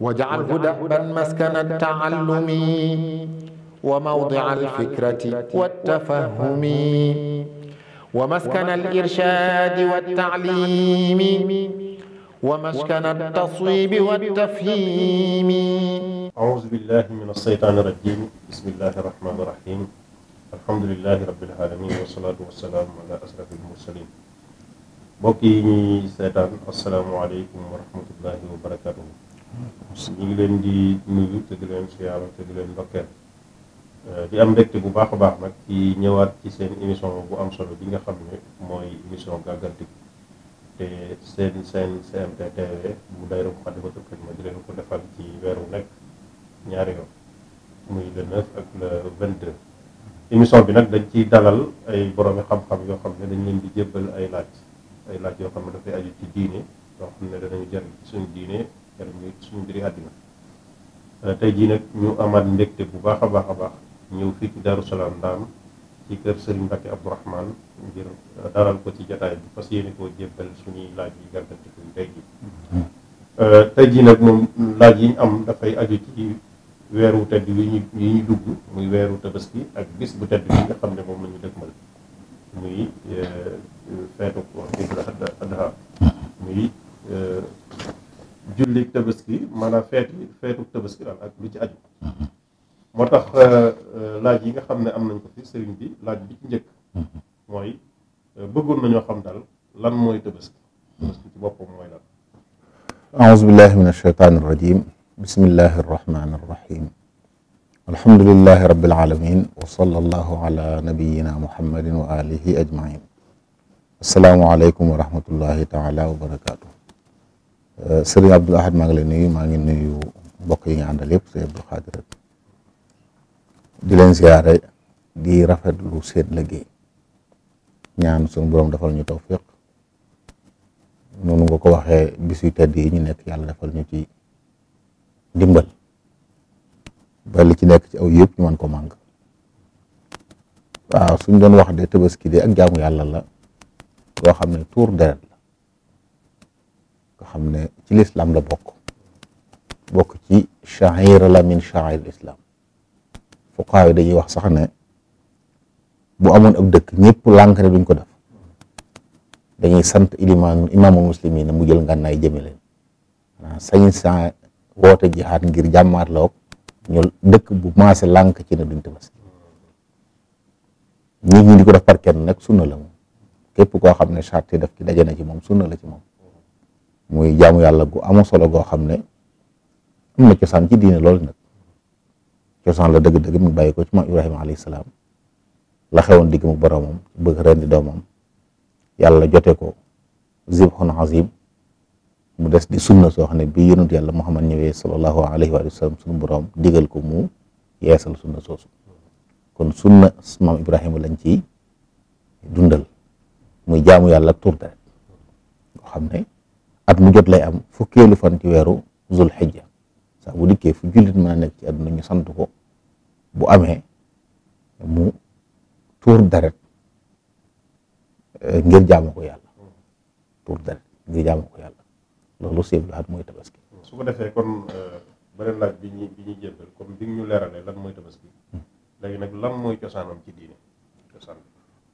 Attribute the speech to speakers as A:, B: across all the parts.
A: واجعله دأبا مسكن التعلم وموضع الفكرة والتفهم ومسكن الإرشاد والتعليم ومسكن التصويب والتفهيم
B: أعوذ بالله من الشيطان الرجيم بسم الله الرحمن الرحيم الحمد لله رب العالمين والصلاة والسلام على أشرف المرسلين mbokk yi ñuy seetaan asalaamaaleykum wa rahmatullahi wa barakatuhu ñu ngi leen di nuyu te di leen siyaara te di leen ndokkeel euh, di am mbégte bu baax a baax nag ci ñëwaat ci seen émission bu am solo bi nga xam ne mooy émission gàggantiku te seen seen GMT TV bu dayru ko xaddi ko tëkkëj ma di leen ko defal ci weer wu nekk ñaari yoon muy le 9 ak le 22 émission bi nag dañ ci dalal ay boroomi xam-xam yoo xam ne dañ leen di jébbal ay laaj ay laaj yoo xam ne dafay aju ci diine yoo xam ne danañu jëriñ suñu diine keroog muy suñu mbiri àddina euh, tey jii nag ñu amaat mbégte bu baax a baax a baax ñëw fii ci Darou Salaam Ndaam ci kër Serigne Mbacke Abdourahmane ngir euh, daral ko ci jataay bi fas yéene koo jébbal suñuy laaj yi gàllankoor yi euh, tey jii. nag moom laaj yi ñu am dafay aju ci weeru tedd yi ñu dugg muy weeru tabaski ak bis bu tedd bi nga xam ne moom la ñu dëgmal muy feetu wax dëgg la adha muy. julli tabaski maanaam feet yi feetu tabaski daal ak lu ci aju mm-hmm. moo tax euh, euh, laaj yi nga xam ne am nañ ko fi sëriñ bi laaj bi ci njëkk mm-hmm. mooy euh, bëggoon nañoo xam daal lan mooy tabaski mm-hmm. tabaski ci boppam mooy lan
A: aouzu billahi min alsheytaan arrajim bismillahi arrahmani arrahim alhamdulilahi rabbil alamin wa sallallahu ala nabiyina muhammadin wa alihi ajmain asalaamualeykum wa rahmatullahi taala wa barakaatu Euh, sëriñ Abdul Ahad maa ngi lay maa ngi nuyu mbokk yi nga àndal yëpp sëriñ Abdul Xaadir di leen siyaare di rafetlu seen liggéey ñaan suñu borom defal ñu tawfiq noonu nga ko waxee bis yu ñu nekk yàlla defal ñu ci dimbal ba li ci nekk ci aw yëpp ñu mën ko màng waaw suñ doon wax de tabaski de ak jaamu yàlla la loo xam ne tuur deret nga xam ne ci lislaam la bokk bokk ci shaira la min shair lislaam fuqaa yi dañuy wax sax ne bu amoon ak dëkk ñépp lànk ne duñ ko def dañuy sant ilimaan imaamul muslimin na mu jël ngànnaay jëme leen sañ sa woote jihaad ngir jàmmaarloog ñu dëkk bu maase lank ci ne duñ tabaski nit ñi di ko def par kenn nag sunna la moom képp koo xam ne charte daf ki daje na ci moom sunna la ci moom muy jaamu yàlla gu amoo solo goo xam ne am na cosaan ci diine loolu nag cosaan la dëgg-dëgg mu bàyyi ko ci maam Ibrahima alayhi salaam la xewoon digg mu boromam bëgg rendi doomam yàlla jote ko zibhun azim mu des di sunna soo xam ne bii yonent yàlla Muhammad ñëwee sallallahu alayhi wa sallam sunu borom digal ko mu yeesal sunna soosu kon sunna maam Ibrahima lañ ci dundal muy jaamu yàlla ak tur deret xam ne. at mu jot lay am fukkeelu fan ci weeru zul xijja saa bu dikkee fu jullit mën nekk ci adduna ñu sant ko bu amee mu tuur daret eh, ngir jaamu ko yàlla tuur daret ngir ko yàlla loolu seeblu at mooy tabaski
B: su ko defee kon eh, beneen laaj bi ñu bi ñuy jébbal comme bi ñu leeralee lan mooy tabaski hmm. léegi nag lan mooy cosaanam ci diine cosaan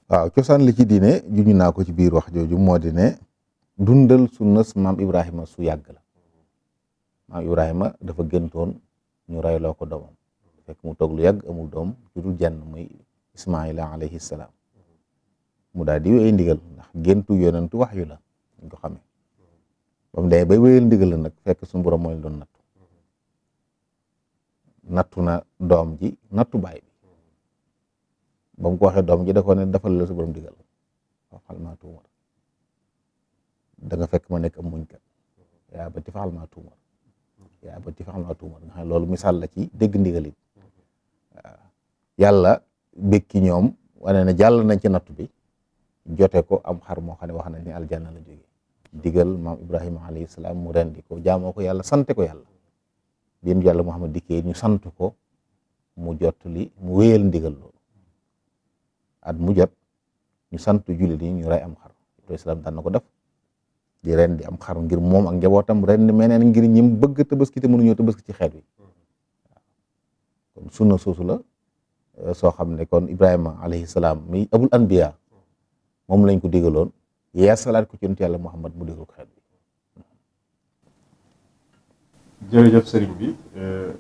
A: waaw cosaan li ci diine juñu naa ko ci biir wax jooju moo di ne dundal sunnas maam Ibrahima su yàgg la maam Ibrahima dafa gëntoon ñu rayloo ko doomam fekk mu toog lu yàgg amul doom ju dul jenn muy Ismaila alayhi salaam mu daal di wéy ndigal ndax géntu yonentu wax yu la ñu ko xamee ba mu demee bay wéyal ndigal nag fekk suñu borom mooy doon nattu nattu na doom ji nattu baay bi ba mu doom ji da ko ne defal la su borom ndigal waxal maa tuumar da nga fekk ma nekk muñ muñkat yaa ba ti yaa ba ti loolu misaal la ci dégg ndigal it waaw yàlla békki ñoom wane na jàll nañ ci natt bi jote ko am xar moo xam ne wax nañ ni aljanna la jóge digal maam ibrahima alayhi salaam mu rendi ko jaamoo ko yàlla sante ko yàlla bi yàlla muhammad ñu sant ko mu jottali mu wéyal ndigal mu jot ñu sant jullit yi ñu rey am xar ibrahima salaam daan na ko def di ren di am xar ngir moom ak njabootam ren meneen ngir ñim bëgg tabaski te mënuñoo tabaski ci xeet wi kon sunna soosu la eh, soo xam ne kon Ibrahima alayhi salaam mi abul anbiya moom lañ ko déggaloon digaloon yeesalaat ko ci yonent yàlla Muhammad mu digal ko xeet bi. jërëjëf sëriñ bi eh,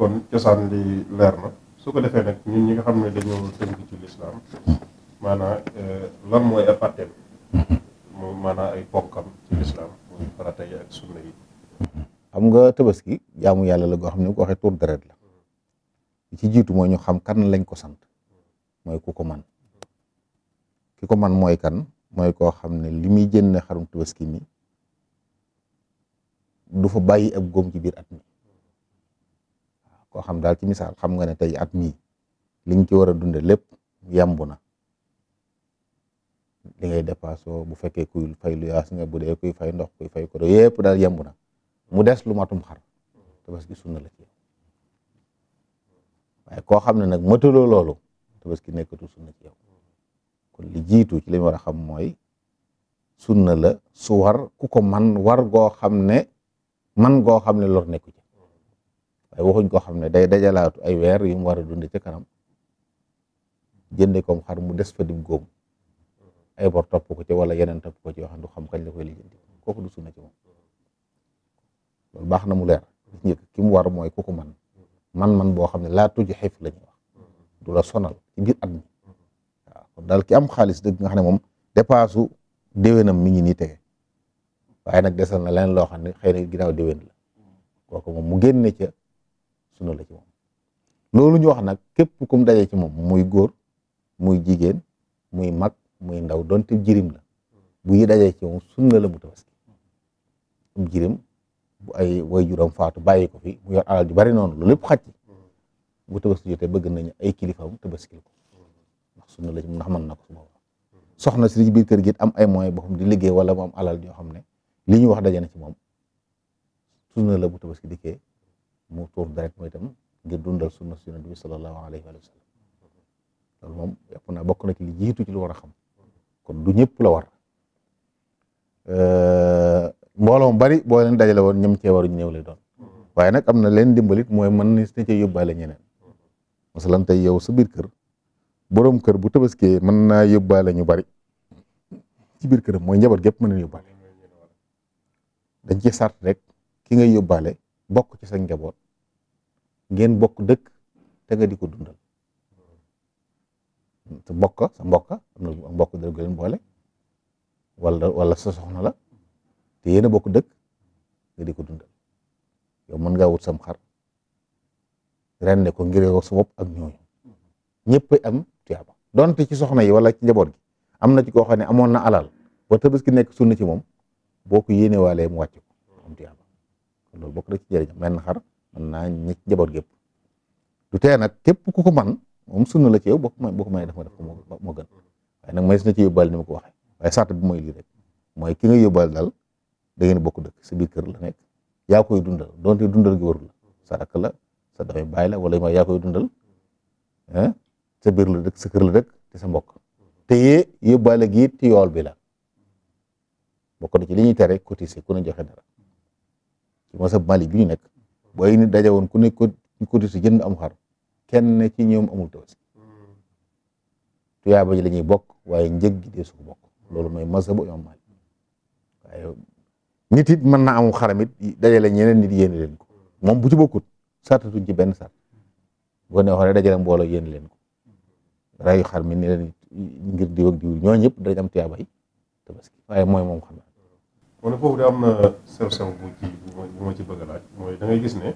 A: kon cosaan li leer na su ko defee nag ñi nga
B: xam ne dañoo tënk ci lislaam maanaam eh, lan mooy aparté mu maanaam
A: nga tabaski jaamu yàlla la goo xam ne ko waxee tur deret la ci jiitu mooy ñu xam kan lañ ko sant mooy ko man ki ko man mooy kan mooy koo xam ne li jën jënne xarum tabaski mi du fa bàyyi ab góom ci biir at mi waaw koo xam daal ci misaal xam nga ne tey at mii liñ ci war a dunde lépp yemb na li ngay dépassé bu fekkee kuy fay lu yaas nga bu dee kuy fay ndox kuy fay ko yëpp daal yemb na mu des lu matum xar tabaski sunna la ci waaye koo xam ne nag matuloo loolu tabaski nekkatu sunna ci yow kon li jiitu ci li ñu war a xam mooy sunna la su war ku ko man war goo xam ne man goo xam ne lor nekku ci waaye waxuñ koo xam ne day dajalaatu ay weer yu mu war a dund kanam jënde kom xar mu des fa dim góom ay bor topp ko ci wala yeneen topp ko ci yoo xam du xam kañ la koy lijjanti kooku du sunna ci moom loolu baax na mu leer ki mu war mooy ku man man-man boo xam ne laa tuji xif la ñuy wax du la sonal ci biir at mi daal ki am xaalis dëgg nga xam ne moom dépassu déwénam mi ngi nii tege waaye nag desal na leen loo xam ne xëy na ginnaaw déwén la kooku moom mu génne ca sunu la ci moom loolu ñu wax nag képp kum daje ci moom muy góor muy jigéen muy mag muy ndaw donte jirim la bu yi dajee ci moom sunna la mu tabaski am jirim bu ay waajuram faatu bàyyi ko fi mu yor alal ju bari noonu loolu lépp xaj bu tabaski jotee bëgg nañu ay kilifa tabaskil ko ndax sunna ndax mën na ko su booba soxna si ci biir kër gi am ay moyens boppam di liggéey wala mu am alal yoo xam ne li ñu wax daje na ci moom sunna la bu tabaski dikkee mu tuur deret mooy itam gir dundal sunna si yonent bi sallallahu alayhi wa sallam loolu moom yàpp naa bokk na ci li jiitu ci lu war a xam kon du ñëpp la war euh, mbooloo mu bari boo leen dajale woon ñoom cee waruñ ñëw lay doon waaye nag am na leen dimbalit mooy mën na si cee yóbbaale ñeneen masalan tey yow sa biir kër boroom kër bu tabaskee mën naa yóbbaale ñu bari ci biir këram mooy njaboot gépp mën na yóbbaale dañ ci sart rek ki ngay yóbbaale bokk ci sa njaboot ngeen bokk dëkk te di ko dundal te bokk sa mbokk am na mbokk dëgg gu boole wala wala sa soxna la te yéen bokk dëkk nga di ko dundal yow mën ngaa wut sam xar rende ko ngir yow sa bopp ak ñooñu ñëpp am tuyaaba donte ci soxna yi wala ci njaboot gi am na ci koo xam ne amoon na alal ba tabaski nekk sunna ci moom boo ko yéenewaalee mu wàcc ko am tuyaaba kon loolu bokk na ci jëriñam menn xar mën naa ñi ci njaboot gépp du tee nag képp ku ko man moom sunna la ci bokk boo bokk boo ko mënee def nga def ko moo gën waaye nag mënees na ci yóbbaale ni ma ko waxee waaye sart bi mooy lii rek mooy ki nga yóbbaale daal da ngeen bokk dëkk sa biir kër la nekk yaa koy dundal donte dundal gi warul la sa rakk la sa dafay bàyyi la wala yaa koy dundal sa biir la dëkk sa kër la dëkk te sa mbokk te yee yóbbaale gi it ci yool bi la bokk na ci li ñuy tere cotiser ku ne joxe dara ci mos a Mali bi ñu nekk booy ni daje woon ku ne cotiser jënd am xar. kenn ci ñoom amul tabaski tuyaaba yi lañuy bokk waaye njëg gi dee bokk loolu mooy mazhabu imam Malik waaye nit it mën naa amul xaramit dajale ñeneen nit yéene leen ko moom bu ci bokkut sartatuñ ci benn sart bu ko neexoon dajale mbooloo yéene leen ko rayu xar mi ni leen ngir diw diw ñoo ñëpp dañ am tuyaaba yi tabaski waaye mooy moom xam naa
B: wala foofu da am na sew sew bu ci bu ma ci bëgg laaj mooy da gis ne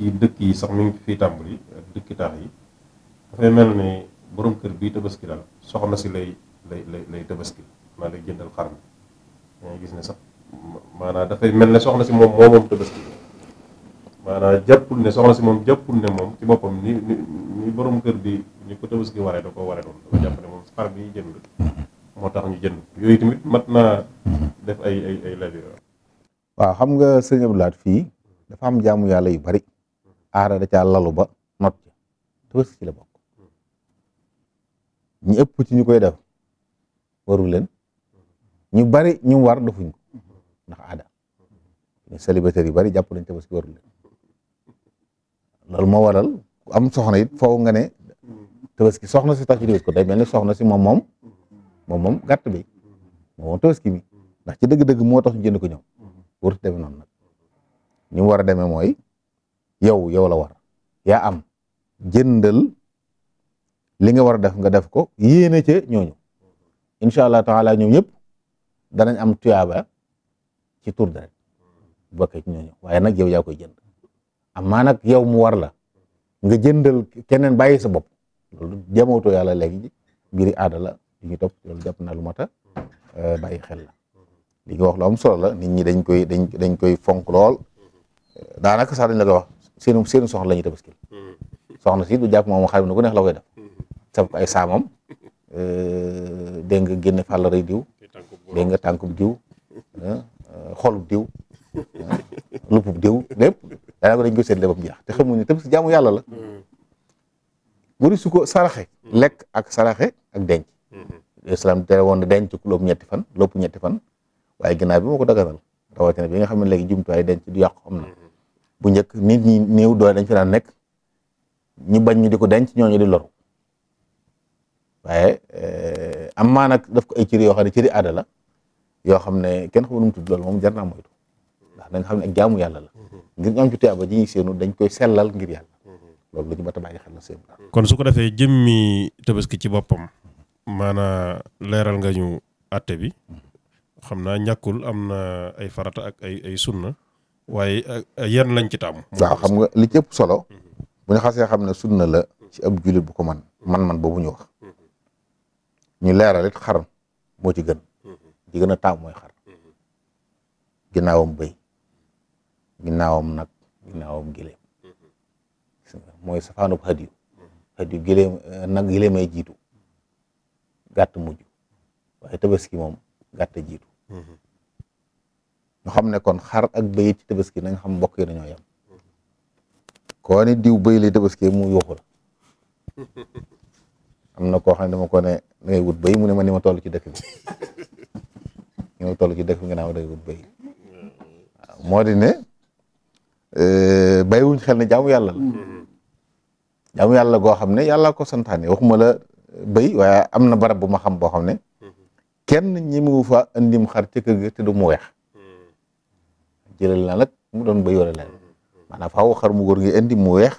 B: ci dëkk yi sax mi ngi fiy tàmbali dëkki taax yi dafay mel ni boroom kër bii tabaski daal soxna si lay lay lay tabaski maa lay jëndal xar mi yaa ngi gis ne sax dafay mel ne soxna si moom moo moom tabaski maanaam jàppul ne soxna si moom jàppul ne moom ci boppam ni ni kër bi ni ko tabaski waree da ko waree doon dafa jàpp ne moom xar bi jënd moo tax ñu jënd yooyu tamit mat naa def ay ay ay laaj
A: xam nga sëñ Abdou fii dafa am jaamu yàlla yu bari aada da caa lalu ba not ca tabaski ci la bokk ñi ëpp ci ñu koy def waru leen ñu bari ñu war defuñ ñu ndax aada ñu bari jàpp nañ tabaski waru leen loolu moo waral ku am soxna yit foofu nga ne tabaski soxna si tax tabaski ko day mel ni soxna si moom moom moom moom gàtt bi moom tabaski mi ndax ci dëgg-dëgg moo tax ñu jënd ko ñoom warut demee noonu nag ñu war a demee mooy yow yow la war yaa am jëndal li nga war a def nga def ko yéene ca ñooñu incha allah taala ñoom ñëpp danañ am tuyaaba ci tur deret bokkee ci ñooñu waaye nag yow yaa koy jënd amaa nag yow mu war la nga jëndal keneen bàyyi sa bopp loolu jamootoo yàlla léegi mbiri aada la li ñu topp loolu jàpp na lu mata euh, bàyyi xel la li nga wax loom am solo la nit ñi dañ koy dañ dañ koy fonk lool daanaka sax dañ la ko wax seenu seenu soxna la ñuy tabaskil soxna si du jàpp moom xarit na ku neex la koy def sab ko ay saamam euh, dégg nga génne fàllaray diw dégg nga tànkub diw euh, xolub diw lupub diw lépp daanaka dañ ko seetle ba mu jeex te xamuñu ne tabaski jaamu yàlla la wari su ko saraxe lekk ak saraxe ak denc islam tere woon na denc ku lóob ñetti fan lóob ñetti fan waaye ginnaaw bi moo ko daganal rawatina bi nga xam ne léegi jumtuwaay denc du yàq am na bu njëkk nit ñi néew doole dañ fi daan nekk ñu bañ ñu di ko denc ñooñu di loru waaye eh, am maa nag def ko ay cëri yoo xam ne cëri aada la yoo xam ne kenn xamul nu mu tudd lool moom jar naa moytu ndax da xam ne ak jaamu yàlla la ngir ñu am ci tuyaaba ji seenu dañ koy sellal ngir yàlla loolu lu ñu mat a bàyyi xel la
B: kon su ko defee jëmmi tabaski ci boppam maanaa leeral nga ñu àtte bi xam naa ñàkkul am na ay farata ak ay ay sunna waaye eh, eh, yéen lañ ci tàmm.
A: waaw xam nga li ci ëpp solo. xasee xam ne sunna la ci ab jullit bu ko man man-man boobu ñu wax. ñu leeral it xar moo ci gën. di gën a tam mooy xar. bay bëy ginnaawam nag ginnaawam gileem. mooy safaanub hadiyu. hadiyu gileem eh, nag gileem gileemay jiitu gàtt mujj waaye tabaski moom gàtt jiitu. ñu xam ne kon xar ak bëy ci tabaski na xam mbokk yi dañoo yem koo ni diw bëy lay tabaski mu yuuxu am na koo xam ne dama ko ne wut bëy mu ne ma ni ma toll ci dëkk bi ni ma ci dëkk bi nga naan dangay wut bëy waaw moo di ne e, bàyyiwuñ xel ne jaamu yàlla la jaamu yàlla goo xam ne yàlla ko santaane waxuma la bëy waaye am na barab bu ma xam boo xam ne kenn ñi mu fa andim xar ci kër ga te du mu weex jëlal la nag mu doon bëy wala leneen fa faaw xar mu góor ngi indi mu weex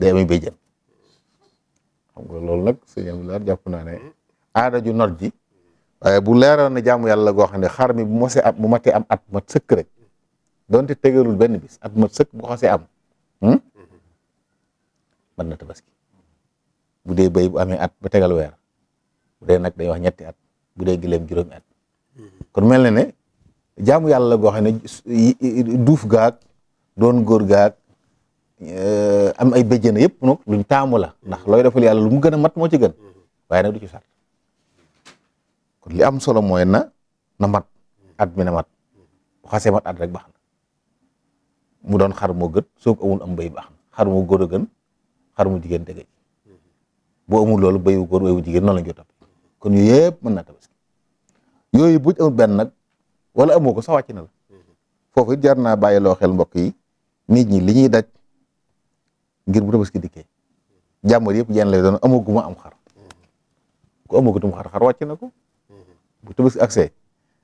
A: day amee béjjën xam nga loolu nag sëñ Abdoulaye jàpp naa ne aada ju not ji waaye bu leeroon ne jaamu yàlla goo xam ne xar mi bu mosee am bu matee am at mat sëkk rek donte tegalul benn bis at mat sëkk bu xasee am hmm, mën na tabaski bu dee bay bu amee at ba tegal weer bu dee nag day wax ñetti at bu dee gileem juróomi at kon mel na ne jaamu yàlla la goo xam ne duuf gaag doon góor gaag eh, am ay béjjën yëpp nag luñ taamu la ndax looy defal yàlla lu mu gën a mat moo ci gën waaye nag du ci sart kon li am solo mooy na na mat at mi na mat bu xasee mat at rek baax na mu doon xar moo gën soo ko amul am béy baax na xar mu góor a gën xar mu jigéen dëgg boo amul loolu béyu góor béyu jigéen noonu la ñu ko topp kon yooyu yëpp mën naa tabaski yooyu bu amul benn wala amoo ko sax wàcc na la foofu it jar naa bàyyi loo xel mbokk yi nit ñi li ñuy daj ngir bu tabaski dikkee jàmbur yëpp yenn lay doon amaguma am xar ku amagutum xar xar wàcc na ko bu tabaski accès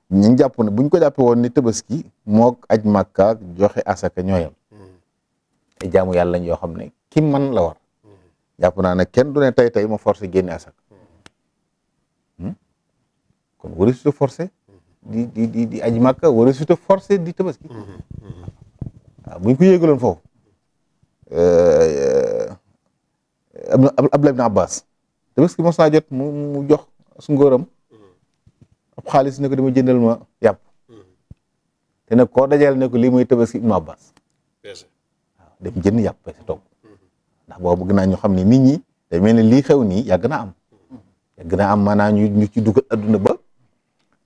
A: ñu ngi jàpp ne buñ ko jàppee woon ni tabaski moog aj màkka joxe asaka ñooyam te jaamu yàlla lañ yoo xam ne ki man la war jàpp naa ne kenn du ne tey tey ma forcé génne asaka hmm? kon wari su forcé di di di di aji màkka wara suta forcé di tabaski waaw mm-hmm, mm-hmm. ah, buñ ko yéegaloon foofu euh, Abdullah ibn Abbas tabaski mos naa jot mu mu jox su ngóoram mm-hmm. ab xaalis ne ko dama jëndal ma yàpp te nag koo dajal ne ko lii mooy tabaski ibn Abbas waaw dem jënd yàpp pese toog ndax boobu bëgg naa ñu xam ni nit ñi day mel lii xew nii yàgg naa am yàgg am maanaam ñu ñu ci dugal adduna ba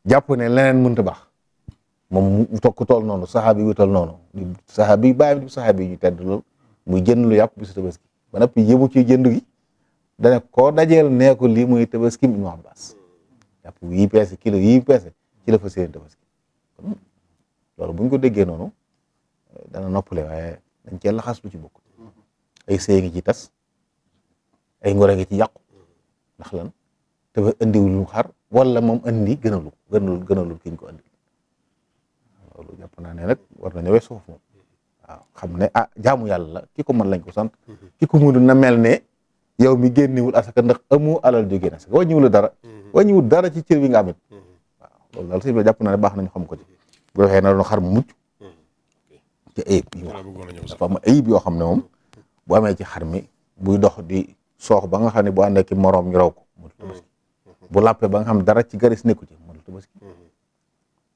A: jàpp ne leneen mënta baax moom mu tokk tool noonu saxaabi wu tool noonu di saxaabi bàyyam di saxaabi ñu tedd lool muy jënd lu yàpp bisu tabaski ba noppi yëbu ci jënd gi dane koo dajeel nee ko lii muy tabaski Ibnu Abbaas yàpp yii peese kilo yi peese ci la fa séen tabaski loolu buñ ko déggee noonu dana noppale waaye dañ cee laxas lu ci bokk ay sëy ci tas ay ngor ngi ci yàqu ndax lan te ba indiwul wala moom andi gënalu gënalul gënalul ki ko indi loolu jàpp naa ne nag war na weesu foofu moom xam ne ah jaamu yàlla la ki ko mën lañ ko sant mhm. ki ko mënul na mel ne yow mi génniwul asaka ndax amu alal ju génn asaka wàññiwul dara mhm. wàññiwul dara ci cër bi nga amit mhm. waaw loolu daal sëñ bi jàpp naa ne baax nañu xam ko ci bu defee na doon xar mu mucc ci ayib yi dafa yoo xam ne moom bu amee ci xar mi buy dox di soox ba nga xam ne bu ànd ak moroom ñu raw ko bu làppee ba nga xam dara ci garis nekku ci mënul tabaski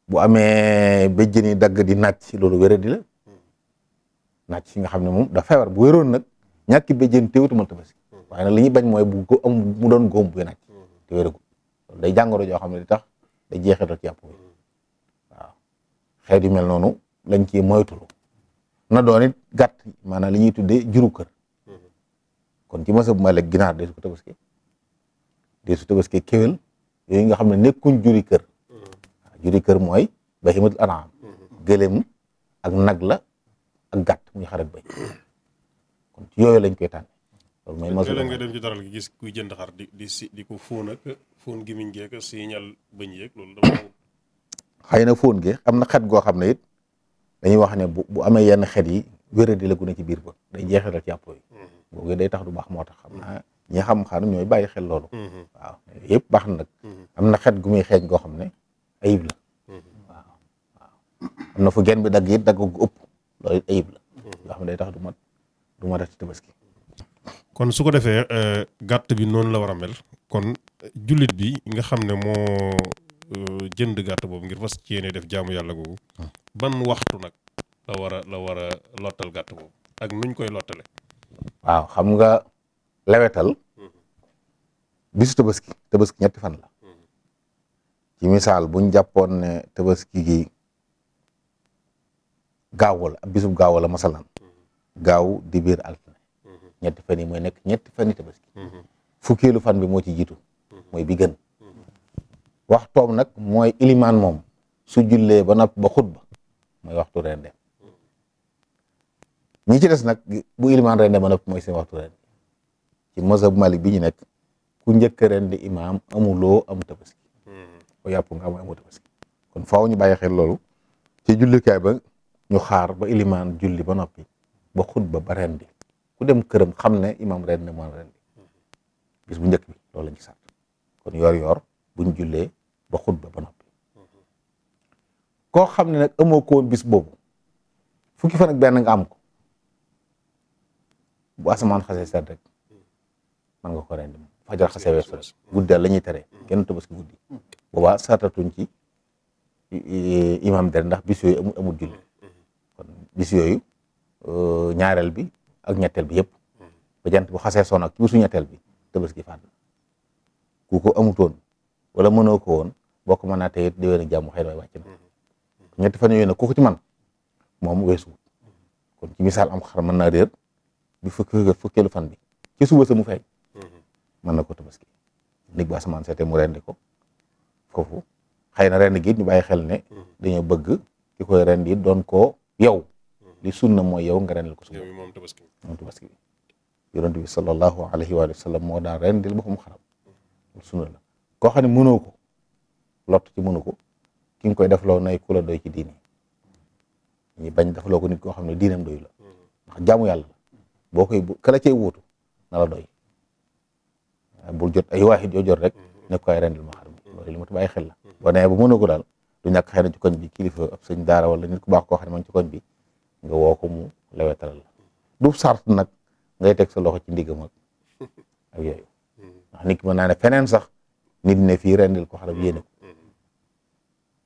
A: bu amee béjjën yi dagg di naaj ci loolu wéradi la naaj ci nga xam ne moom da feebar bu wéroon nag ñàkki béjjën téewutu mënul tabaski waaye nag li ñuy bañ mooy bu go am mu doon góom buy naaj te wéragu day jàngoro joo xam ne di tax da jeexital ci yàpp waaw xeet mel noonu lañ ci moytulu na doon it gàtt maanaam li ñuy tuddee juru kon ci masa bu ma lekk ginaar day ko tabaski dee su tabaski kéwél yooyu nga xam ne nekkuñ juri kër mm-hmm. juri kër mooy bahimatul anaam mm-hmm. gëlem ak nag la ak gàtt muñ xarat bay mm-hmm. kon ci lañ koy tànn loolu mooy masula nga
B: dem gis kuy jënd xar di di si di ko fóon ak fóon gimiñ geek siñal bëñ
A: na fóon gi am na xet goo xam ne it dañuy wax ne bu bu amee yenn xet yi wéra di la gu ci biir ba day jeexital ci yàpp yi day tax du baax moo tax xam naa ñi xam xar ñooy bàyyi xel loolu. Mm-hmm. waaw yëpp baax na nag. Mm-hmm. am na xet gu muy xeeñ goo xam ne ayib la. Mm-hmm. waaw waaw am na fu genn bi dagg it dagg gu ëpp loolu it ayib la. loo xam ne day tax du mat du mat ci tabaski.
B: kon su ko defee euh, gàtt bi noonu la war a mel kon jullit bi nga xam ne moo euh, jënd gàtt boobu ngir fas ci yéene def jaamu yàlla googu mm. ban waxtu nag la war a la war a lottal gàtt boobu ak nuñ koy lottale
A: waaw xam nga. lawetal bisu tabaski tabaski ñetti fan la ci misaal buñ jàppoon ne tabaski gi gaaw la ab gaaw la masalan gaaw di biir altine ñetti fan yi mooy nekk ñetti fan yi tabaski fukkeelu fan bi moo ci jiitu mooy bi gën waxtoom nag mooy ilimaan moom su jullee ba nopp ba xutba mooy waxtu rendem ñi ci des nag bu ilimaan rendem ba nopp mooy seen waxtu rendem ci mazhab malik bi ñu nekk ku njëkk ren di imaam amuloo am tabaski hmm. ko yàpp nga am kon faaw ñu bàyyi xel loolu ci jullikaay ba ñu xaar ba ilimaan julli ba noppi ba xutba ba ren di ku dem këram xam ne imaam ren di moom bis bu njëkk bi loolu lañ ci sàtt kon yor yor buñ jullee ba xutba ba noppi hmm. koo xam ne nag amoo ko woon bis boobu fukki fan ak benn nga am ko bu asamaan xasee sedd rek mën nga ko rendi moom fajar xasee weesu rek guddi daal la ñuy tere kenn tabaski guddi mm. boobaa saatatuñ ci imam der ndax bis yooyu amul julli mm. kon bis yooyu ñaareel bi ak ñetteel bi yëpp mm. ba jant bu xasee soon ak ci bisu ñetteel bi tabaski faat na ku ko amutoon wala mënoo ko woon boo ko mën naa tey déwée na jàmm xëy na wàcc na mm-hmm. ñetti fan yooyu nag ci man moom mm-hmm. mën naa réer fukk fukkeelu fan bi ci suba sa mu feeñ mën na ko tabaski ndig bu asamaan seetee mu rendi ko foofu xëy na rendi gi ñu bàyyi xel ne hmm. dañoo bëgg ki koy rendi doon ko yow hmm. li sunna mooy yow nga rendil ko sunna moom tabaski bi yonent bi sallallahu alayhi wa sallam moo daan rendil boppam xaram hmm. sunna la koo xam ne mënoo ko lott ci mënu ko ki nga koy def loo nay ku la doy ci diini ñu bañ defaloo ko nit koo xam ne diinam doy la ndax jaamu yàlla la boo koy kala cey wuutu na doy bul jot ay waaxit yoo jot rek ne ko ay rendil ma xar li ma ta bàyyi xel la boo nee ba mënoo ko daal du ñàkk xëy na ci koñ bi kilifa ab sëñ daara wala nit ku baax ko xam ma ngi ci bi nga woo ko mu lewetalal la du sart nag ngay teg sa loxo ci ndigam ak a yooyu ndax nit ki mën naa ne feneen sax nit ne fii rendil ko xarab yéene ko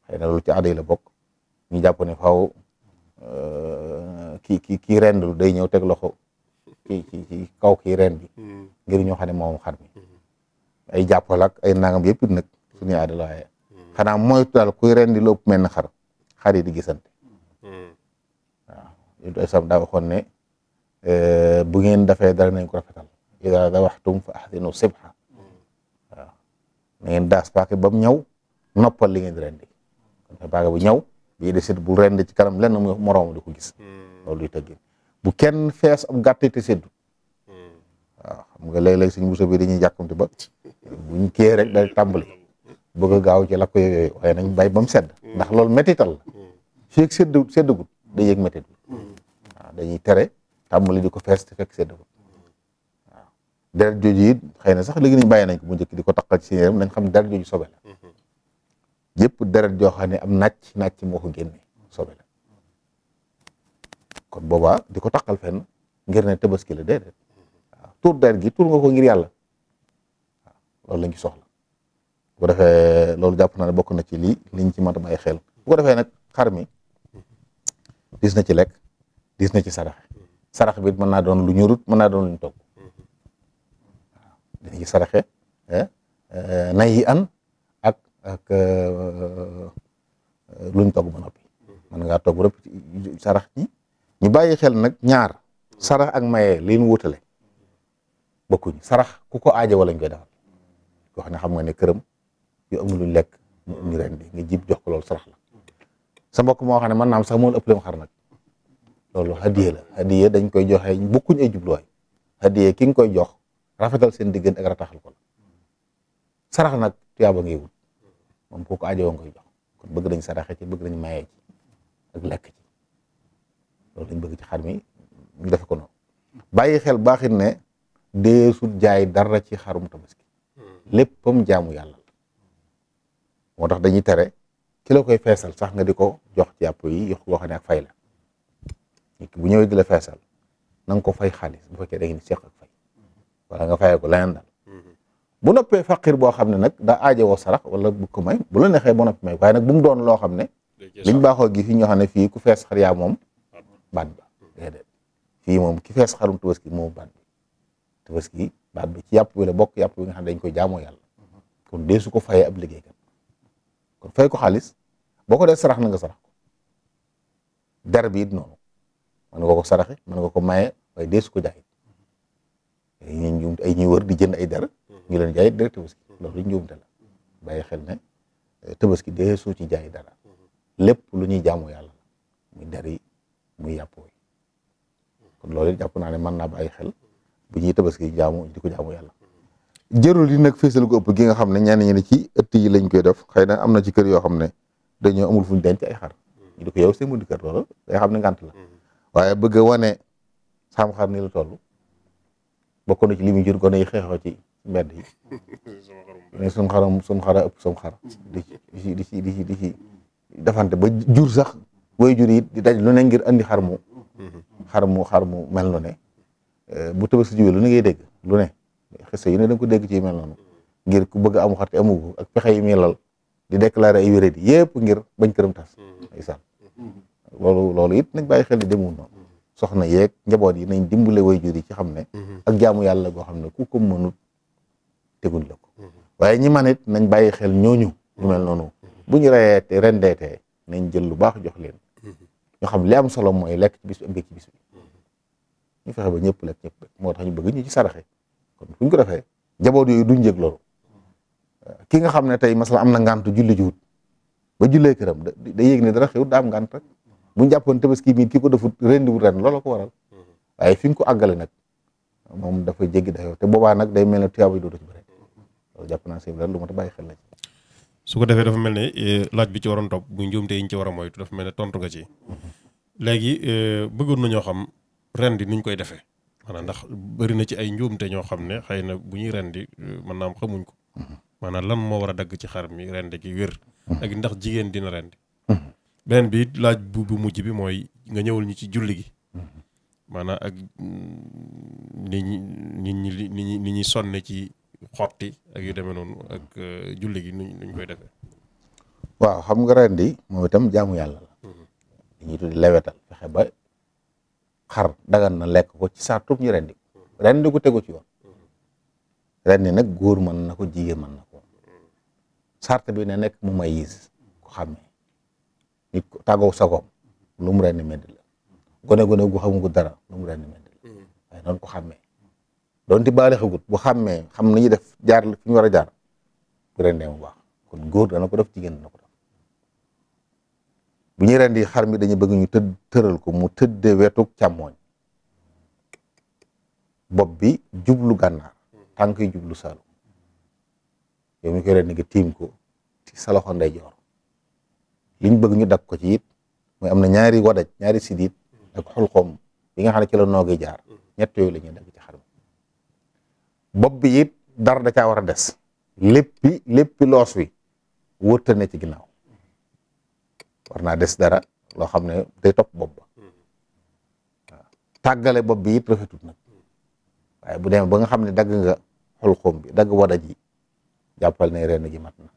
A: xëy na loolu ci aada la bokk ñu jàpp ne faaw euh, ki ki kii rendul day ñëw teg loxo ci kaw kii ren bi hmm. ngir ñoo xam ne moom xar mi ay jàppal ak ay nangam yëpp it nag suñu aada la waaye hmm. xanaa moytu daal kuy ren di lu ëpp mel ni xar xar yi di gisante hmm. waaw yonent daa waxoon ne eh, bu ngeen dafee dara nañ ko rafetal ida waxtum fa ahsinu sibha waaw na ngeen daas paake ba mu ñëw noppal li ngeen di rendi kon paake bu ñëw bii de sit bu rendi ci kanam lenn mu moroom di ko gis loolu luy tëggin bu kenn fees am gàtt te séddu waaw xam nga léeg-léeg suñu muso bi dañuy jàkkamte ba buñ kii rek da tàmbali bëgg a gaaw ci la ko yooyu waaye nañ bay ba mu sedd ndax loolu métital la fii ak sedd seddagut day yëg métit bi waaw dañuy tere tàmbali di ko fees te fekk seddagut waaw deret jooju it xëy na sax léegi nañ bàyyi nañ ko mu njëkk di ko taqal ci seen yaram nañ xam ne deret jooju sobe la yëpp joo xam ne am nàcc nàcc moo ko génne sobe kon boobaa di ko taqal fenn ngir ne tabaski la déedéet waaw gi tuur nga ko ngir yàlla waaw loolu lañ ci soxla bu ko loolu jàpp naa ne bokk na ci lii liñ ci mat a bàyyi xel bu defee nag xar mi dis na ci lekk dis na ci sarax sarax bi mën naa doon lu ñorut mën naa doon ñu togg waaw dina eh, eh, yi an ak ak eh, luñ togg ba noppi mën ngaa togg rek sarax ñi ñu bàyyi xel nag ñaar sarax ak maye leen wutale bokkuñ sarax ku ko aajowoo lañ koy defal koo xam ne xam nga ne këram yu amul lu lekk mu indi ren bi nga jib jox ko lool sarax la sa mbokk moo xam ne mën naa am sax moom ëpp leen xar nag loolu hadiye la hadiye dañ koy joxe bokkuñ ay jubluwaay hadiye ki nga koy jox rafetal seen diggante ak rataxal ko la sarax nag tuyaaba ngay wut moom ku ko aajowoo nga koy jox kon bëgg nañ saraxe bëgg nañ maye ci ak lekk ci. loolu dañ bëgg ci xar mi ñu defe ko noonu bàyyi xel baaxit ne deesut jaay dara ci xarum tabaski hmm. léppam jaamu yàlla moo tax dañuy tere ki koy feesal sax nga di ko jox ci yàpp yi yox boo xam ak fay la bu ñëwee di la feesal na nga ko fay xaalis bu fekkee da ngeen seq ak fay wala nga fayee ko leneen daal hmm. bu noppee faqir boo xam ne nag daa aajowoo sarax wala bu ko may bu la neexee bu noppi may waaye nag bu mu doon loo xam ne liñ baaxoo gi fi ñoo xam ne fii ku fees xar yaa moom baat ba déedéet fii moom ki fees xarum tabaski moom baat bi tabaski baat bi ci yàpp wi bokk yàpp wi nga xam ne dañ koy jaamoo yàlla kon dee su ko fayee ab liggéeykat kon fay ko xaalis boo ko dee sarax na nga sarax ko der bi it noonu ma nga ko saraxe mën nga ko maye waaye dee su ko a ay ñuy ay ñuy di jënd ay der ñu leen jaay tabaski loolu lu njuumte la bàyyi xel ne tabaski dee su ci jaay dara lépp lu ñuy jaamoo yàlla muy der yi mu yàpp wi loolu it jàpp naa ne mën naa bàyyi xel bu ñuy tabaski jaamu di ko jaamu yàlla jërul yi nag feesal ko ëpp gi nga xam ne ñenn ñi ne ci ëtt yi lañ koy def xëy na am na ci kër yoo xam ne dañoo amul fuñ denc ay xar ñu di ko yow seen mundi kër loolu day xam ne ngànt la waaye bëgg a wane saam xar ni la toll bokk na ci li mu jur gone yi xeexoo ci mbedd yi ne suñ xaram suñ xara ëpp suñ xara di ci di ci di ci di defante ba jur sax way jur it di daj lu ne ngir andi xar mu xar mu xar mu mel nu ne eh, bu tabaski jiwee lu ne ngay dégg lu ne xese yi ne da nga ko dégg ci mel noonu ngir ku bëgg amu xar te amugu ak pexe yi muy lal di déclarer ay wéré yi yëpp ngir bañ këram tas isaan loolu loolu it nañ bàyyi xel di demul noonu soxna yeeg njaboot yi nañ dimbale way jur yi ci xam ne ak jaamu yàlla goo xam ne ku ko mënut tegul la ko waaye ñi man nañ bàyyi xel ñooñu ñu mel noonu bu ñu reyeete rendeetee nañ jël lu baax jox leen ñu xam li am solo mooy lekk ci bis bi ak béy ci ñu fexe ba ñëpp lekk ñëpp moo tax ñu bëgg ñu ci saraxe kon fu ñu ko defee jaboot yooyu duñ yëg loolu euh, ki nga xam ne tey masala am na ngàntu julli jiwut ba jullee këram da yëg ne dara xewut daa am ngànt rek mm-hmm. bu ñu jàppoon tabaski mi ki ko defut rendi wut ren loolu ko waral mm-hmm. waaye fi ñu ko àggale nag moom dafa jéggi dayoo te boobaa nag day mel ne tuyaaba yi dootu ci bëri mm-hmm. loolu jàpp naa sëñ bi lu ma ta bàyyi xel la
B: su ko defee dafa mel ne eh, laaj bi ci waroon topp bu njuumte yi ci war a moytu dafa mel ni tontu nga ci léegi eh, bëggoon ñoo xam ren di nuñ koy defee maanaam ndax bëri na ci ay njuumte ñoo xam ne xëy na bu ñuy ren di eh, mën naam xamuñ ko maanaam lan moo war a dagg ci xar mi ren di ki wér ak ndax jigéen dina ren di beneen bi laaj bu mujj bi mooy nga ñëwul ñu ci julli gi maanaam ak mm, ni ñi ni ñi ni ñi sonne ci xotti ak yu deme noonu ak euh, julli gi nuñ nuñ koy defee.
A: waaw xam nga rendi moom itam jaamu yàlla la. dañuy mhm. tudd lewetal fexe ba xar dagan na lekk ko ci saa tuub ñu rendi mhm. rendi ko tegu ci yoon. Mhm. rendi nag góor mën na ko jigéen mën na ko sart bi ne nekk mu mayis ko xàmmee nit ko tàggoo sagoom lu mu rendi medd la gone gone gu xamu ko dara lu mu rendi medd la waaye noonu ko xàmmee doon ti baale xagut bu xàmmee xam nañu def jaar fi ñu war a jaar bu rendee mu baax kon góor dana ko def jigéen na ko def bu ñuy rendi xar mi dañu bëgg ñu tëdd tëral ko mu tëddee wetuk càmmooñ bopp bi jublu gànnaar tànk yi jublu saalum yow mi koy rendi nga tiim ko ci sa loxo ndeyjoor liñ bëgg ñu dag ko ci it mooy am na ñaari wadaj ñaari sidit ak xulxoom bi nga xam ne ci la noogee jaar ñett yooyu la ñuy dagg ci xar bopp bi it dara da caa war a des léppi léppi loos wi wërta ne ci ginnaaw war naa des dara loo xam ne day top bopp ba waaw tàggale bopp bi it rafetut nag waaye bu demee ba nga xam ne dagg nga xulxum bi dagg wada ji jàppal ne ren ji mat na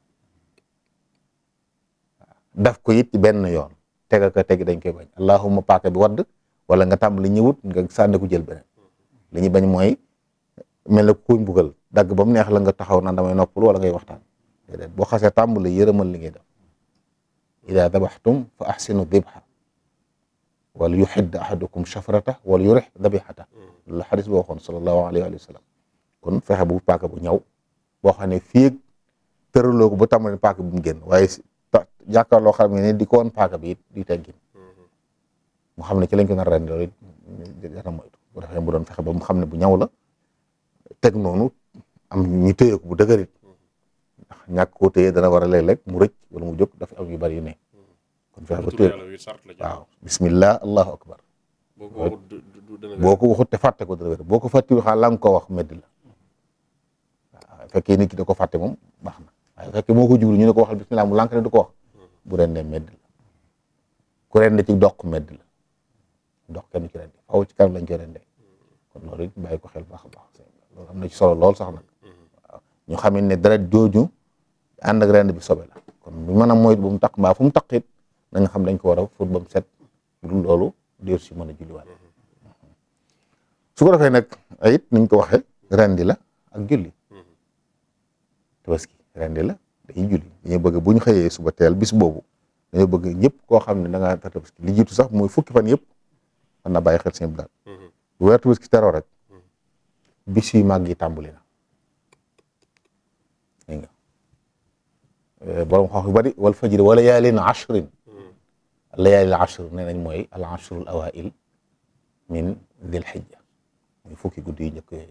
A: daf ko it benn yoon tega ko teg dañ koy bañ allahuma paaka bi wadd wala nga tàmbali ñëwut nga sànni ko jël beneen li bañ mooy mel ne kuy mbugal dagg ba mu neex la nga taxaw naan damay noppalu wala ngay waxtaan boo xasee tàmbali yërëmal li ngay def ida dabaxtum fa axsinu dibxa wala yuxidd ahadukum shafrata wala yurix dabixata la xadis boo waxoon salallahu fexe bu paaka bu ñaw boo xam ne fii tëraloo ko ba tàmbali paaka bu mu génn waaye jàkkaarloo xam ne di ko paaka bi di teggin mu xam ne ci lañ ko nar a ren bu mu doon fexe ba mu xam ne bu ñaw la teg noonu am ñu téye bu dëgërit ndax ñàkk koo téye dana war a léeg-léeg mu rëcc wala mu jóg dafa am yu bari yu ne kon fexe ba téye waaw bismillah allahu akbar boo ko waxut te fàtte ko dana wér boo ko fàttiwu xaa la nga ko wax medd la waaw fekkee ki da ko fàtte moom baax na waaye fekkee moo ko jublu ñu ne ko waxal bismillah mu lànk ne du ko wax bu ren ne medd la ku ren ne ci doq medd la doq ci ren lañ koy ren de kon loolu it bàyyi ko xel baax a baax loolu am na ci solo lool sax nag ñu xamit ne dara jooju ànd ak rend bi sobe la kon bu mën a moytu bu mu taq mbaa fu mu taqit da xam dañ ko war a fóot ba mu set dul loolu déer si mën a julliwaat su ko defee nag ayit niñ ko waxee rendi la ak julli tabaski rendi la dañuy julli dañoo bëgg bu ñu xëyee suba teel bis boobu dañoo bëgg ñëpp koo xam ne da ngaa tabaski li jiitu sax mooy fukki fan yëpp mën na bàyyi xel seen daal bu mm-hmm. weer tabaski teroo rek bis yu màgg yi tàmbali na dégg nga borom xoox yu bari wal fajri wa layaalin ashrin layaalil ashr nee mooy al ashrul awail min dil xijja muy fukki guddi yu njëkk yooyu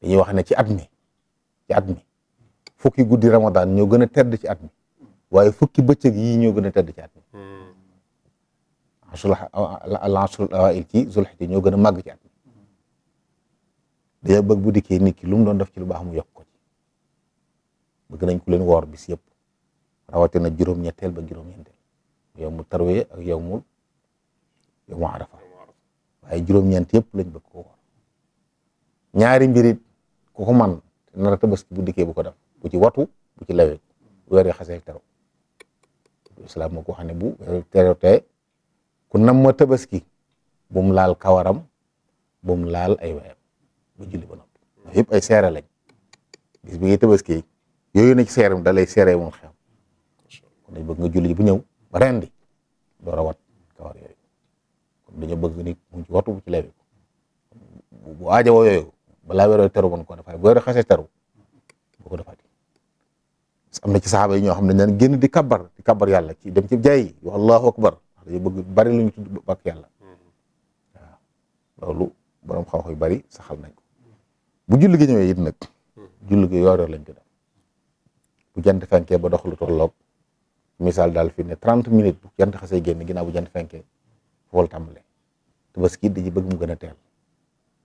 A: dañuy wax ne ci at mi ci at mi fukki guddi ramadan ñoo gën a tedd ci at mi waaye fukki bëccëg yi ñoo gën a tedd ci at mi ashrul al ashrul awail ci zulxijja ñoo gën a màgg ci at dañoo bëgg bu dikkee nit ki lu mu doon def ci lu baax mu yokk ko ci bëgg nañ ku leen woor bis yëpp rawatina juróom-ñetteel ba juróom-ñeenteel yow mu tarwee ak yow mu yow mu arafa waaye juróom-ñeent yëpp lañ bëgg ko woor ñaari mbirit ku ko man nara tabaski bu dikkee bu ko def bu ci watu bu ci lawee weer yi xasee teraw islaam moo ko xam ne bu terewtee ku nam ma tabaski bu mu laal kawaram bu laal ay wayam ba julli ba noppi ndax yëpp ay seere lañ bis bi ngay tabaski yooyu na ci seeram da lay seere moom xew kon dañ bëgg nga julli bu ñëw ba rendi door a wat kawar yooyu kon dañoo bëgg ni mu ci watu bu ci lebi bu aajowoo yooyu balaa weeroo teru woon ko defaat bu weeroo xasee teru boo ko defaat am na ci saxaaba yi ñoo xam ne dañ génn di kabbar di kabbar yàlla dem ci jaay yi wax allahu akbar ndax bari lu ñu tudd bàkk yàlla loolu borom xam-xam yu bari saxal nañ ko bu julli gi ñëwee it nag julli gi yoo lañ ko def bu jant fenkee ba dox lu tolloog misaal daal fi ne trente minutes bu jant xasee génn ginnaaw bu jant fenkee foofu la tàmbalee tabaski dañuy bëgg mu gën a teel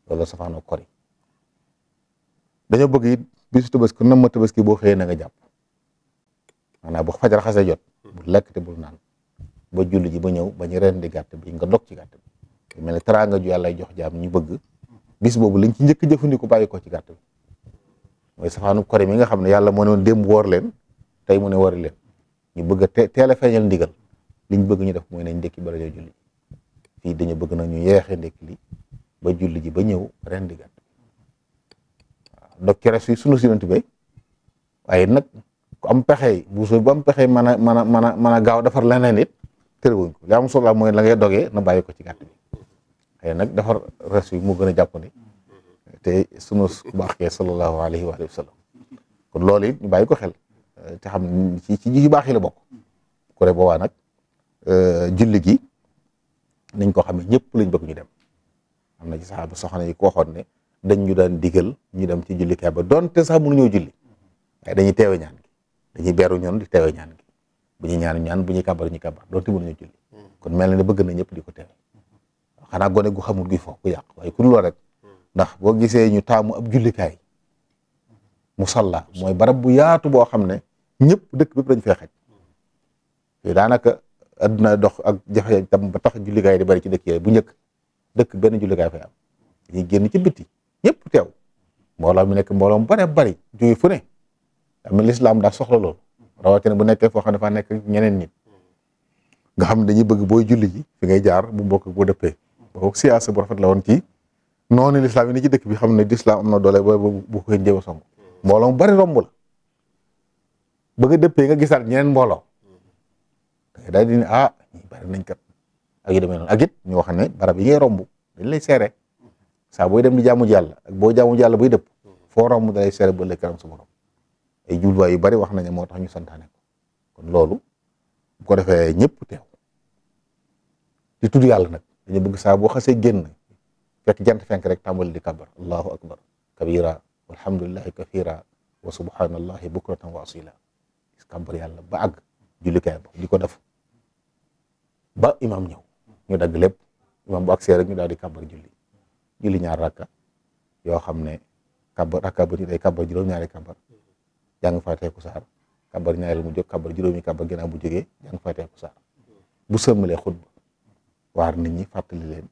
A: loolu safaanoo bëgg it bisu tabaski nam ma tabaski boo xëyee na nga jàpp maanaam bu fajar xasee jot bu lekk te bul naan ba julli ji ba ñëw ba ñu di gàtt bi nga dog ci gàtt bi mel ne teraanga ju yàlla jox jaam ñu bëgg bis boobu lañ ci njëkk jëfandiku bàyyi ko ci gàtt bi mooy safaanu koré mi nga xam ne yàlla moo ne woon démb woor leen tey mu ne wari leen ñu bëgg a teel a feeñal ndigal liñ bëgg ñu def mooy nañ ndékki bala ñoo julli fii dañu bëgg na ñu yeexe ndékki li ba julli ji ba ñëw ren di gàtt waaw dog cere si sunu si yonent bay waaye nag ku am pexe bu soo bu am pexe mën a mën a mën a mën a gaaw defar leneen it tërëwuñ ko li am solo mooy la ngay dogee na bàyyi ko ci gàtt bi xëy nag defar res yi moo gën a jàppandi te sunu ku baax kee sallallahu alayhi wa sallam kon loolu it ñu bàyyi ko xel te xam ci ci ji baax yi la bokk ku ne boobaa nag euh, julli gi nañ ko xam ne ñëpp lañ bëgg ñu dem am na ci saxaaba soxna yi ko waxoon ne dañ ñu daan digal ñu dem ci jullikaay ba donte sax mënuñoo julli waaye dañuy teewe ñaan gi dañuy beeru ñoon di teewe ñaan gi bu ñuy ñaan ñaan bu ñuy kàbbar ñu kàbbar donte mënuñoo julli kon mel na ne bëgg na ñëpp di ko teewe xanaa gone gu xamul gi foofu ku yàq waaye ku dul rek ndax boo gisee ñu taamu ab jullikaay musalla mooy barab bu yaatu boo xam ne ñëpp dëkk bépp dañ fee xaj daanaka adduna dox ak jafe tam ba tax jullikaay di bari ci dëkk bu njëkk dëkk benn jullikaay fay am dañuy génn ci biti ñëpp teew mbooloo mi nekk mbooloo mu bare bari jóge fu ne am lislaam daa soxla loolu rawatina bu nekkee foo xam ne faa nekk ñeneen nit nga xam dañuy bëgg booy julli ji fi ngay jaar bu bokk boo dëppee boobu siyaasa bu rafet la woon ci noonu lislaam yi ni ci dëkk bi xam ne lislaam am na doole boo bu ko njëw a song mbooloo bari romb la ba dëppee nga gisaat ñeneen mbooloo daal di ne ah bari nañ kat ak yu demee ak it ñu wax ne barab yi ngay romb dañ lay seere saa booy dem di jaamu yàlla ak boo jaamu yàlla booy dëpp foo romb dalay seere ba lay karam sa borom ay jubluwaay yu bari wax nañ moo tax ñu santaane ko kon loolu ko defee ñëpp teew di tudd yàlla nag dañu bëgg saa boo xasee génn fekk jant fenk rek tàmbali di kabar allahu akbar kabira walhamdulillahi kafira wa subhanallahi bukratan wa asila kabar yàlla ba àgg jullikaay ba di ko def ba imam ñëw ñu dagg lépp imam bu agsee rek ñu daal di kabar julli julli ñaar rakka yoo xam ne kabar rakka bu ñu day kabar juróom-ñaari kabar jàng faateeku saar kabar ñaareel mu jóg kabar juróomi kabar bu jógee jàng saar bu sëmmalee xutba waar nit ñi fàttali leen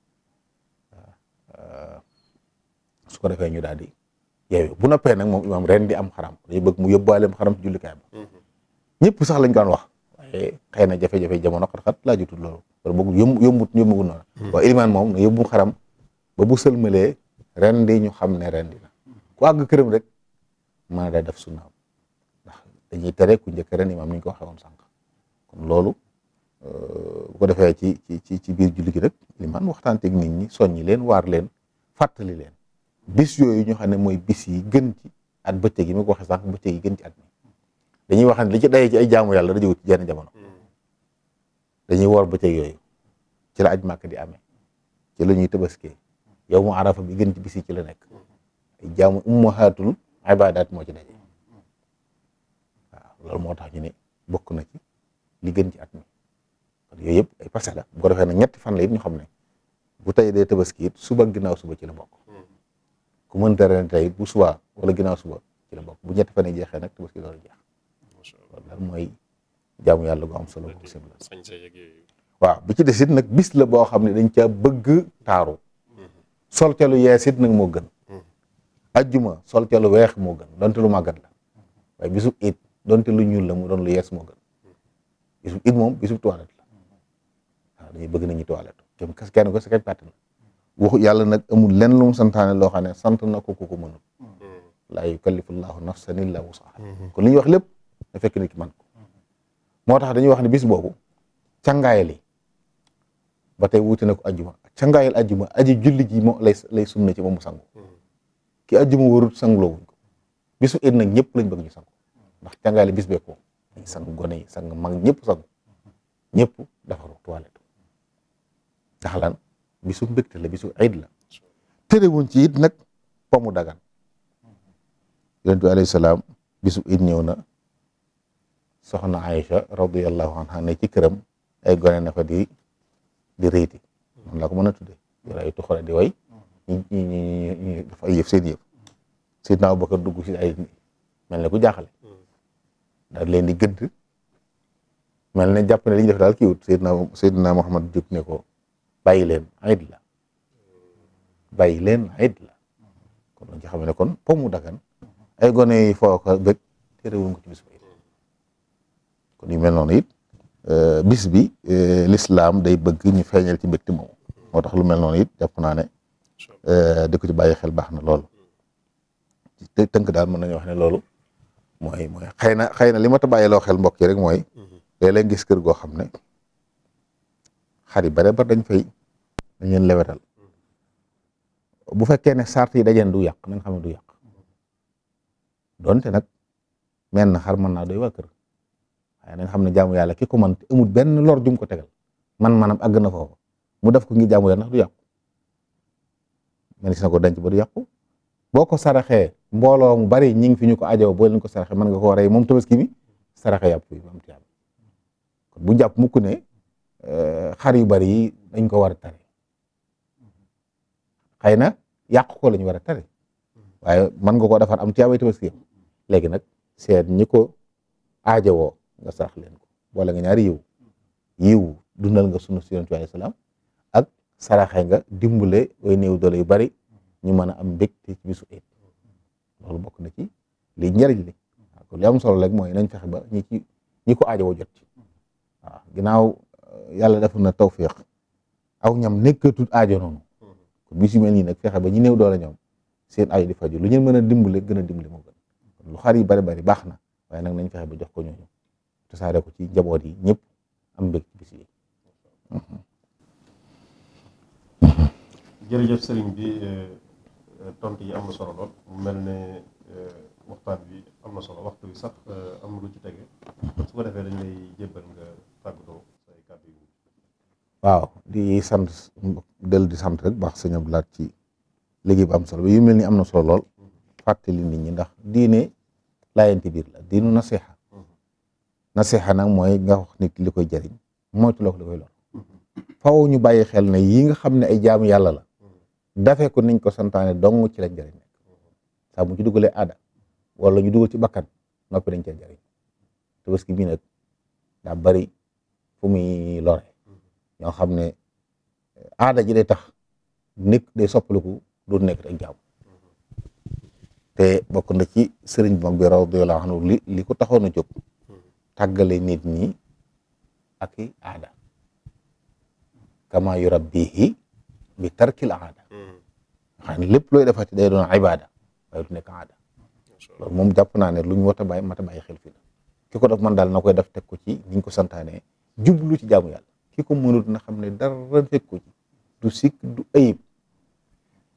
A: su ko defee ñu daal di yeewu bu noppee nag moom imaam ren di am xaram day bëgg mu yóbbaaleem xaram ci jullikaay ba mm-hmm. ñëpp sax lañ daan wax waaye xëy na jafe-jafe jamono xat-xat laa jotul loolu wala boog yomb yombut yombagul noonu mm-hmm. waaye moom na yóbbu xaram ba bu sëlmalee ren di ñu xam ne ren di na ku àgg këram rek mën a day def sunnaam ndax dañuy tere ku njëkk ren imaam ni ñu ko waxee woon sànq loolu bu ko defee ci ci ci biir julli gi rek limaan waxtaanteeg nit ñi soññi leen waar leen fàttali leen bis yooyu ñu xam ne mooy bis yi gën ci at bëccëg yi mi waxee sànq bëccëg yi gën ci at mi dañuy wax li ci dayee ci ay jaamu yàlla dajëwut ci jenn jamono hmm. dañuy woor bëccëg yooyu ci la aj màkk di amee ci la ñuy tabaskee yow mu arafa bi gën ci bis yi ci la nekk ay jaamu ummahatul ibadat moo ci daje waaw loolu moo tax ñu ne bokk na ci li gën ci at kon yooyu yëpp ay passé la bu ko defee nag ñetti fan la it ñu xam ne bu tey dee tabaski it suba ginnaaw suba ci la bokk hmm. ku mënta ren tey bu suba wala ginnaaw suba ci la bokk bu ñetti fan yi jeexee nag tabaski loolu jeex kon daal mooy jaamu yàlla gu am solo bu sim la waaw bi ci des sit nag bis la boo xam ne dañ caa bëgg taaru hmm. sol ca lu yees it nag moo gën hmm. ajjuma sol ca lu weex moo gën donte lu màggat la waaye bisu it donte lu ñuul la mu doon lu yees moo gën bisu it moom bisu toilette dañuy bëgg nañu toilette kenn kenn ko si kañ kàttan nag amul lenn lu santaane loo xam ne sant na ko ku ko mënul mm-hmm. laa yukallifu llaahu nafsan illaa wusaha mm-hmm. kon li ñuy wax lépp da fekk nit ki man mm-hmm. moo tax dañuy wax ne bis boobu càngaayal yi ba tey wuute na ko ajjuma càngaayal ajjuma aji julli ji mo lay lay sunna ci moom mu sangu ki ajjuma warut sanguloo wuñ ko bisu it nag ñëpp lañ bëgg ñu sangu ndax càngaayal bis bee ko sang gone yi sang mag ñëpp sangu ñëpp dafaru toilette ndax lan bisu mbégte la bisu iid la terewuñ ci it nag pomu dagan yonent bi alayhi salaam bisu iid ñëw na soxna Aïcha radiyallahu anha ne ci këram ay gone ne fa di di réyti noonu laa ko mën a tudde yor ay tuxale di way ñi ñi ñi ñi dafa ay yëf seen yëf Seydina Abubakar dugg ci ay mel ne ku jaaxale daal leen di gëdd mel ne jàpp ne li ñu def daal kii wut Seydina Seydina Muhammad jóg ne ko bàyyi leen ayit la bàyyi leen ayit la kon dañ ci xam kon po mu dagan ay gone yi foo ko bëgg terewul ko ci bis ba it kon yu mel noonu it euh, bis bi euh, lislaam day bëgg ñu feeñal ci mbégte moomu moo tax lu mel noonu it deko naa ne euh, di ci bàyyi xel baax na lool te tënk daal mën nañu wax ne loolu mooy mooy xëy na xëy na li ma ta bàyyi loo xel mbokk yi rek mooy mm-hmm. léeg-léeg gis kër goo xam ne xar yi bare ba dañ fay dañ leen lewetal bu fekkee ne sart yi dajeen du yàq nañ xam ne du yàq donte nag menn xar mën naa doy waa kër waaye nañ xam ne jaamu yàlla ki ko man amul benn lor jum ko tegal man maanaam àgg na foofu mu def ko ngi jaamu yàlla ndax du yàqu man si na ko denc ba du yàqu boo ko saraxee mbooloo mu bari ñi ngi fi ñu ko ajoo boo leen ko saraxee mën nga koo rey moom tabaski bi saraxee yàpp yi am tiyaaba kon bu jàpp mukk ne xar yu bari yi dañ ko war a tari xëy na yàqu ko lañ war a tari waaye mën nga koo defar am tiyaabay tabaski léegi nag seet ñi ko aajowoo nga sarax leen ko wala nga ñaari yiw yiw dundal nga sunu si yonent bi alayhi salaam ak saraxe nga dimbale way néew doole yu bari ñu mën a am mbégte ci bisu eet loolu bokk na ci li njëriñ li li am solo rek mooy nañ fexe ba ñi ci ñi ko aajowoo jot ci waaw ginnaaw yàlla def na tawféex aw ñam nekkatul aajo noonu kon bis mel nii nag fexe ba ñi néew doole ñoom seen aajo di faju lu ñeen mën a dimbale gën a dimbale moo gën lu xar yi bari bari baax na waaye nag nañ fexe ba jox ko ñooñu tasaare ko ci njaboot yi ñëpp am mbég ci bis yi
B: jërëjëf sëriñ bi euh, tontu yi am na solo lool mu mel ne euh, waxtaan bi am na solo waxtu bi sax euh, am lu ci tege mm-hmm. su ko defee dañ lay jébbal nga tàggatoo.
A: waaw di sant del di sant rek baax sëñ Abdou Lahad ci liggéey bu am solo yu mel ni am na solo lool fàttali nit ñi ndax diine laayante biir la diinu nasiha mm-hmm. nasiha nag mooy nga wax nit li koy jariñ moytu loo ko li mm-hmm. faw ñu bàyyi xel ne yii nga xam ne ay jaamu yàlla la mm-hmm. dafe ko niñ ko santaane dong ci lañ jëriñ nekk saa bu ñu ci dugalee aada wala ñu dugal ci bakkan noppi dañ cee jëriñ tabaski daa bari fu muy lore ñoo xam ne aada ji day tax nekk day soppaliku dootu nekk rek jaamu te bokk na ci sëriñ bu mag bi radiyallahu anhu li li ko taxoon a jóg tàggale nit ñi ak i aada kama yurabbihi bi tarkil aada xam ne lépp looy defati de doon ibada waaye du nekk aada loolu moom jàpp naa ne lu ñu wat a bàyyi mat a bàyyi xel fi ki ko def man daal na koy def teg ko ci niñ ko santaane lu ci jaamu yàlla ki ko mënut na xam ne dara fekk ko ci du sikk du ayib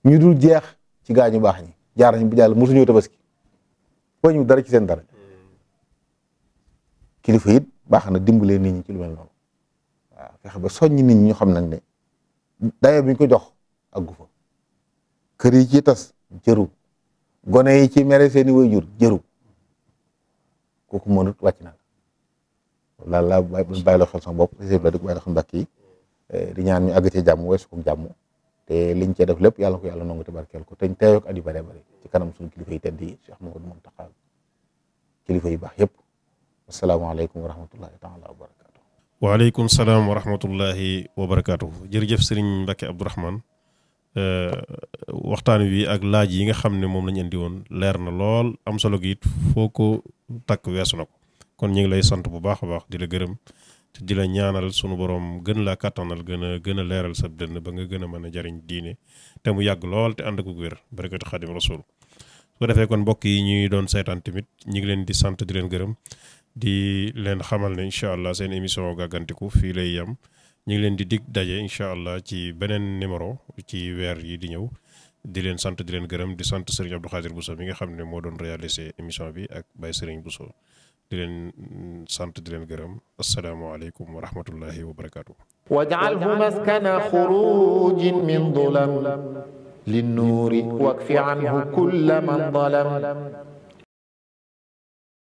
A: ñu dul jeex ci gaañu baax ñi jaar nañ bu jàll mosu ñëw tabaski foo ñu dara ci seen dara hmm. kilifa it baax na dimbalee nit ñi ci lu mel noonu waaw fexe ba soññ nit ñi ñu xam nag ne dayo bi ñu ko jox aggu fa kër yi ci tas jëru gone yi ci mere seeni waajur jëru kooku mënut wàcc na daal laa bàyyi la xel sama bopp sëñ bi di ko xel mbàkk eh, di ñaan ñu àgg ci jàmm weesu ko jàmm te liñ cee def lépp yàlla ko yàlla nangu te barkeel ko te ñu teew ak at yu bëree bëri ci kanam suñu kilifa yi tedd yi Cheikh Mouhamadou Mountakha kilifa yu baax yëpp asalaamaaleykum wa rahmatullahi taala wa
B: barakaatu. waaleykum salaam wa rahmatullahi wa barakaatu jërëjëf Serigne Mbacke Abdourahmane eh, waxtaan wi ak laaj yi nga xam ne moom lañ indi woon leer na lool am solo gi it foo ko takk weesu na ko. kon ñu ngi lay sant bu baax a baax di la gërëm di la ñaanal sunu borom gën laa kattanal gën a gën a leeral dënn ba nga gën a mën a jariñ diine te mu yàgg lool ànd ak wér barakatu xadim rasul su ko defee kon bokk yi ñuy doon seetaan tamit ñu ngi leen di sant di leen gërëm di leen xamal ne incha allah seen émission gàggantiku fii lay yam ñu ngi leen di dig daje incha allah ci beneen numéro ci weer yi di ñëw di leen sant di leen gërëm di sant Serigne Abdou Khadir Bousso mi nga xam ne moo doon réalisé émission bi ak Baye bu Bousso di leen mm, sant di leen gërëm asalaamaaleykum wa rahmatullahi wa barakaatu.
A: waj'alhu maskana xurujin min dulam linnuuri wakfi anhu kulla man dalam